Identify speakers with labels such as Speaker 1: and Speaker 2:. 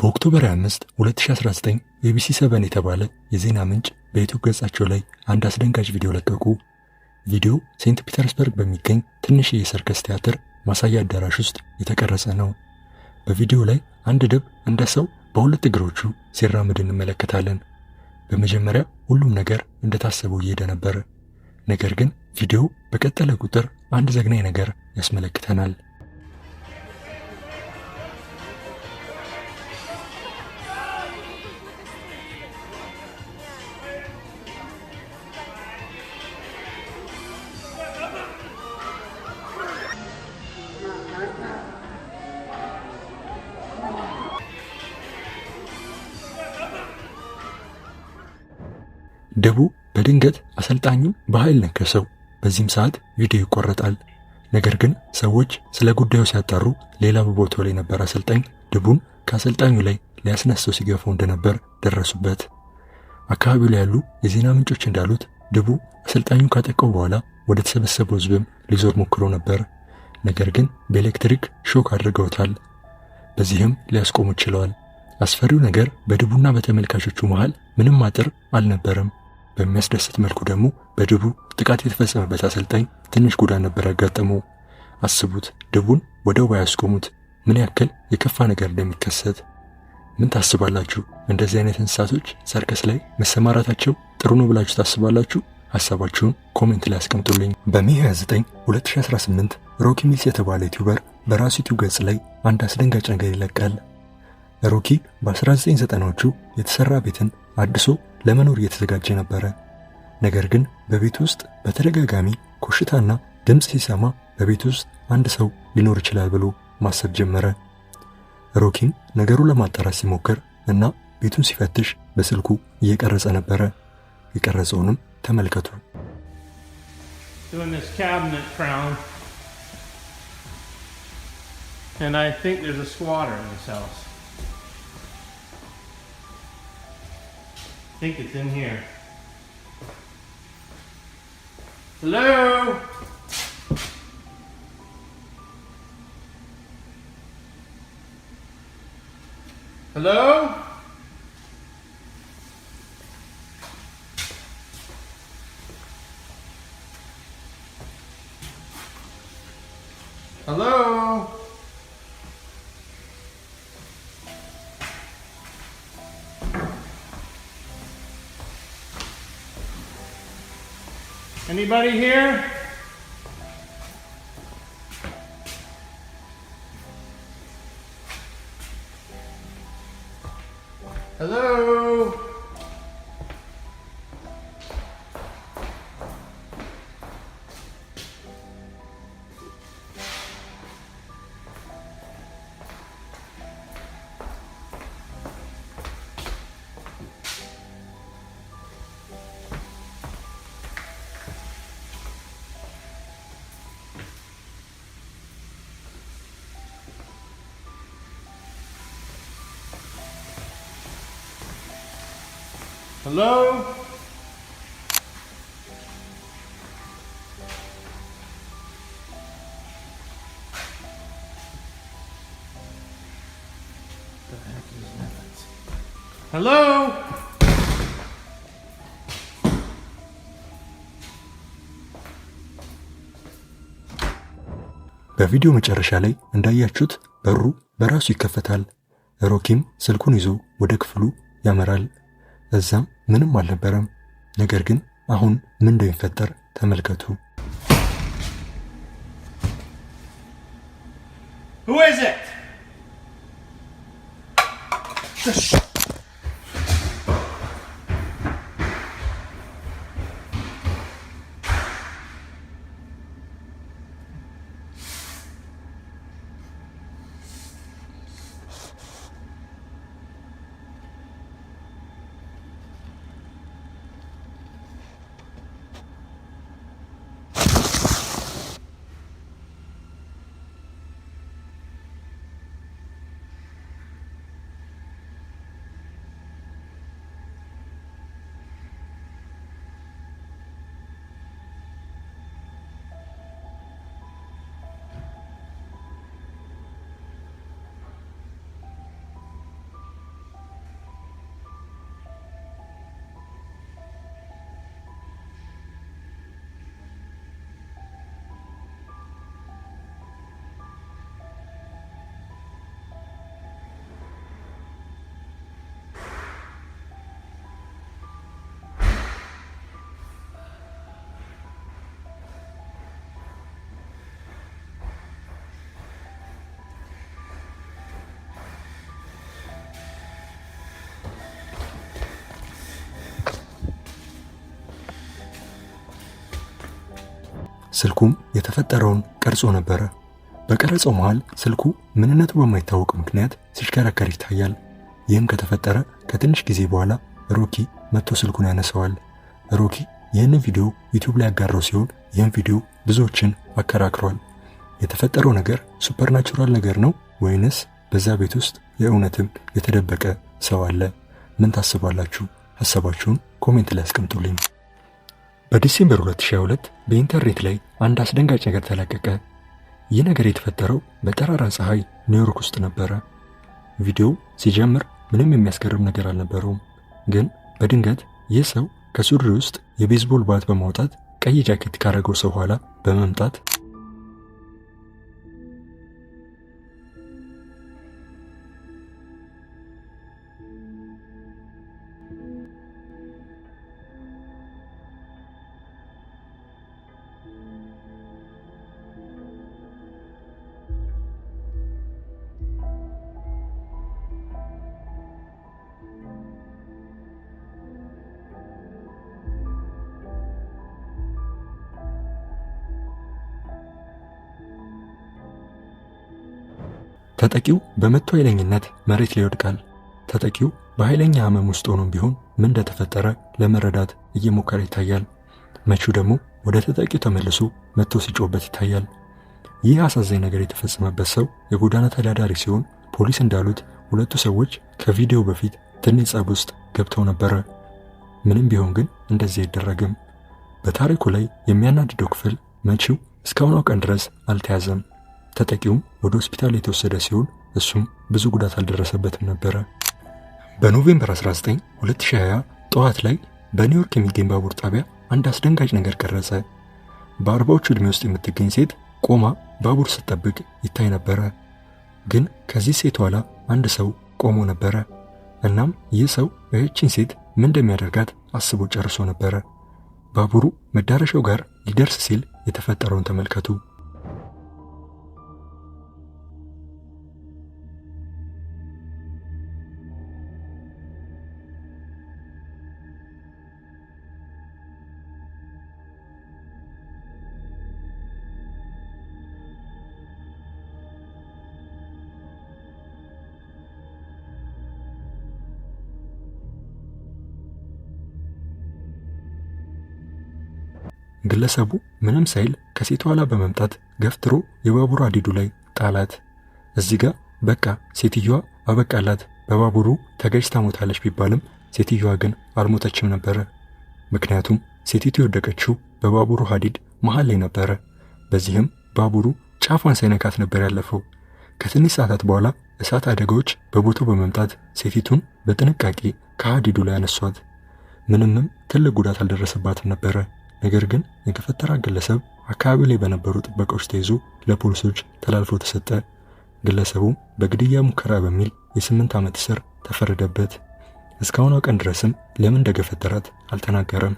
Speaker 1: በኦክቶበር 5 2019 ቢቢሲ 7 የተባለ የዜና ምንጭ በዩቲዩብ ገጻቸው ላይ አንድ አስደንጋጭ ቪዲዮ ለቀቁ። ቪዲዮ ሴንት ፒተርስበርግ በሚገኝ ትንሽ የሰርከስ ቲያትር ማሳያ አዳራሽ ውስጥ የተቀረጸ ነው። በቪዲዮ ላይ አንድ ድብ እንደ ሰው በሁለት እግሮቹ ሲራመድ እንመለከታለን። በመጀመሪያ ሁሉም ነገር እንደታሰበው እየሄደ ነበር። ነገር ግን ቪዲዮ በቀጠለ ቁጥር አንድ ዘግናኝ ነገር ያስመለክተናል። ደቡ በድንገት አሰልጣኙ በኃይል ነከሰው። በዚህም ሰዓት ቪዲዮ ይቆረጣል። ነገር ግን ሰዎች ስለ ጉዳዩ ሲያጣሩ ሌላ በቦታው ላይ ነበር። አሰልጣኝ ደቡን ከአሰልጣኙ ላይ ሊያስነሳው ሲገፉ እንደነበር ደረሱበት። አካባቢው ላይ ያሉ የዜና ምንጮች እንዳሉት ድቡ አሰልጣኙ ካጠቀው በኋላ ወደ ተሰበሰበው ሕዝብም ሊዞር ሞክሮ ነበር። ነገር ግን በኤሌክትሪክ ሾክ አድርገውታል። በዚህም ሊያስቆሙ ችለዋል። አስፈሪው ነገር በድቡና በተመልካቾቹ መሃል ምንም አጥር አልነበረም። በሚያስደስት መልኩ ደግሞ በድቡ ጥቃት የተፈጸመበት አሰልጣኝ ትንሽ ጉዳት ነበር ያጋጠመው። አስቡት፣ ድቡን ወደው ባያስቆሙት ምን ያክል የከፋ ነገር እንደሚከሰት። ምን ታስባላችሁ? እንደዚህ አይነት እንስሳቶች ሰርከስ ላይ መሰማራታቸው ጥሩ ነው ብላችሁ ታስባላችሁ? ሀሳባችሁን ኮሜንት ላይ አስቀምጡልኝ። በሜ 29 2018 ሮኪ ሚልስ የተባለ ዩቲዩበር በራሱ ዩቲዩብ ገጽ ላይ አንድ አስደንጋጭ ነገር ይለቃል። ሮኪ በ1990ዎቹ የተሰራ ቤትን አድሶ ለመኖር እየተዘጋጀ ነበረ። ነገር ግን በቤት ውስጥ በተደጋጋሚ ኮሽታና ድምፅ ሲሰማ በቤት ውስጥ አንድ ሰው ሊኖር ይችላል ብሎ ማሰብ ጀመረ። ሮኪም ነገሩን ለማጣራት ሲሞክር እና ቤቱን ሲፈትሽ በስልኩ እየቀረጸ ነበረ። የቀረጸውንም ተመልከቱ።
Speaker 2: And I think there's a squatter in this house. I think it's in here. Hello? Hello? Hello? Anybody here? Hello? Hello? The heck is that? Hello?
Speaker 1: በቪዲዮ መጨረሻ ላይ እንዳያችሁት በሩ በራሱ ይከፈታል። ሮኪም ስልኩን ይዞ ወደ ክፍሉ ያመራል። እዛም ምንም አልነበረም። ነገር ግን አሁን ምን እንደሚፈጠር ተመልከቱ። Who is it? ስልኩም የተፈጠረውን ቀርጾ ነበረ። በቀረጸው መሃል ስልኩ ምንነቱ በማይታወቅ ምክንያት ሲሽከረከር ይታያል። ይህም ከተፈጠረ ከትንሽ ጊዜ በኋላ ሮኪ መጥቶ ስልኩን ያነሰዋል። ሮኪ ይህንን ቪዲዮ ዩቲዩብ ላይ ያጋራው ሲሆን ይህም ቪዲዮ ብዙዎችን አከራክሯል። የተፈጠረው ነገር ሱፐርናቹራል ነገር ነው ወይንስ በዛ ቤት ውስጥ የእውነትም የተደበቀ ሰው አለ? ምን ታስባላችሁ? ሀሳባችሁን ኮሜንት ላይ አስቀምጡልኝ። በዲሴምበር 2022 በኢንተርኔት ላይ አንድ አስደንጋጭ ነገር ተለቀቀ። ይህ ነገር የተፈጠረው በጠራራ ፀሐይ ኒውዮርክ ውስጥ ነበረ። ቪዲዮው ሲጀምር ምንም የሚያስገርም ነገር አልነበረውም። ግን በድንገት ይህ ሰው ከሱሪ ውስጥ የቤዝቦል ባት በማውጣት ቀይ ጃኬት ካደረገው ሰው ኋላ በመምጣት ተጠቂው በመጥቶ ኃይለኝነት መሬት ላይ ይወድቃል። ተጠቂው በኃይለኛ ህመም ውስጥ ሆኖም ቢሆን ምን እንደተፈጠረ ለመረዳት እየሞከረ ይታያል። መቺው ደግሞ ወደ ተጠቂው ተመልሶ መጥቶ ሲጮህበት ይታያል። ይህ አሳዛኝ ነገር የተፈጸመበት ሰው የጎዳና ተዳዳሪ ሲሆን ፖሊስ እንዳሉት ሁለቱ ሰዎች ከቪዲዮው በፊት ትንሽ ጸብ ውስጥ ገብተው ነበረ። ምንም ቢሆን ግን እንደዚህ አይደረግም። በታሪኩ ላይ የሚያናድደው ክፍል መቺው እስካሁኗ ቀን ድረስ አልተያዘም። ተጠቂውም ወደ ሆስፒታል የተወሰደ ሲሆን እሱም ብዙ ጉዳት አልደረሰበትም ነበረ። በኖቬምበር 19 2020 ጠዋት ላይ በኒውዮርክ የሚገኝ ባቡር ጣቢያ አንድ አስደንጋጭ ነገር ቀረጸ። በአርባዎቹ ዕድሜ ውስጥ የምትገኝ ሴት ቆማ ባቡር ስትጠብቅ ይታይ ነበረ። ግን ከዚህ ሴት ኋላ አንድ ሰው ቆሞ ነበረ። እናም ይህ ሰው ይህችን ሴት ምን እንደሚያደርጋት አስቦ ጨርሶ ነበረ። ባቡሩ መዳረሻው ጋር ሊደርስ ሲል የተፈጠረውን ተመልከቱ። ግለሰቡ ምንም ሳይል ከሴት ኋላ በመምጣት ገፍትሮ የባቡር ሀዲዱ ላይ ጣላት። እዚህ ጋር በቃ ሴትዮዋ አበቃላት። በባቡሩ ተገጭታ ሞታለች ቢባልም ሴትዮዋ ግን አልሞተችም ነበረ። ምክንያቱም ሴቲቱ የወደቀችው በባቡሩ ሀዲድ መሃል ላይ ነበረ። በዚህም ባቡሩ ጫፏን ሳይነካት ነበር ያለፈው። ከትንሽ ሰዓታት በኋላ እሳት አደጋዎች በቦታው በመምጣት ሴቲቱን በጥንቃቄ ከሀዲዱ ላይ አነሷት። ምንምም ትልቅ ጉዳት አልደረሰባትም ነበረ። ነገር ግን የተፈጠራ ግለሰብ አካባቢ ላይ በነበሩ ጥበቃዎች ተይዞ ለፖሊሶች ተላልፎ ተሰጠ። ግለሰቡም በግድያ ሙከራ በሚል የስምንት ዓመት እስር ተፈረደበት። እስካሁኗ ቀን ድረስም ለምን እንደገፈተራት አልተናገረም።